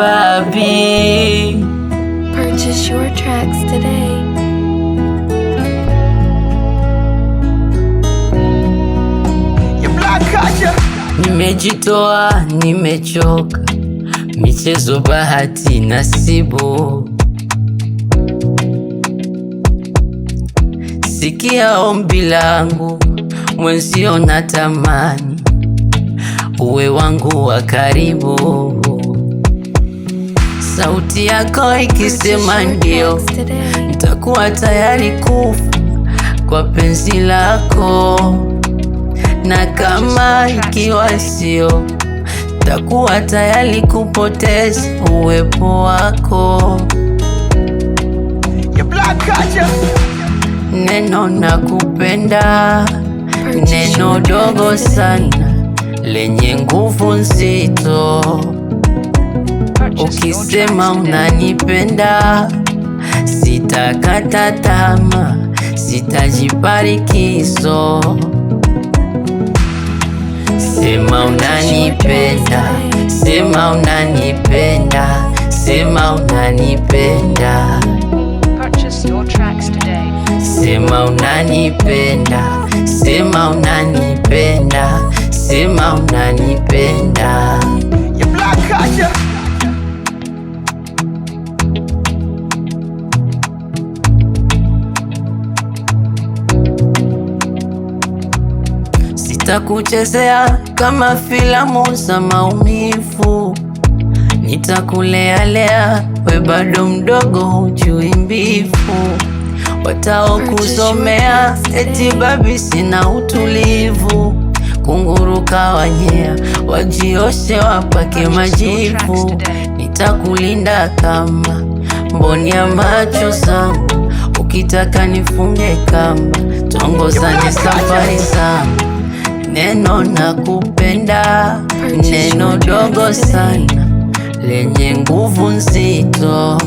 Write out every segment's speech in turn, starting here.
Babi. Purchase your tracks today. Nimejitoa, nimechoka, michezo, bahati, nasibu. Sikia ombi langu, mwenzio, natamani uwe wangu wa karibu sauti yako ikisema ndio, nitakuwa tayari kufa kwa penzi lako, na kama ikiwa sio, nitakuwa tayari kupoteza uwepo wako. Neno nakupenda, neno dogo sana lenye nguvu nzito Ukisema unanipenda sitakata tamaa, sitajibarikizo. Sema unanipenda, sema unanipenda, sema unanipenda, sema unanipenda, sema unanipenda, sema unanipenda. Nitakuchezea kama filamu za maumivu, nitakulealea we bado mdogo, hujui mbivu. Wataokusomea eti babi sina utulivu, kunguruka wanyea, wajioshe wapake majivu. Nitakulinda kama mboni ya macho zangu, ukitaka nifunge kamba, tuongozane safari zangu neno na kupenda, neno dogo sana lenye nguvu nzito.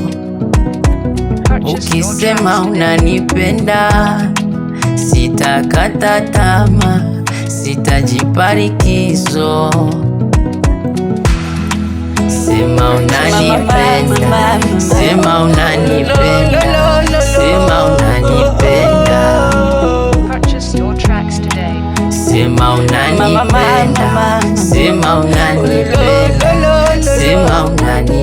Ukisema unanipenda, sitakata tamaa, sitajiparikizo. Sema unanipenda, sema unanipenda င်မောင်နိုင်မမမမစင်မောင်နိုင်လေလေလေစင်မောင်နိုင်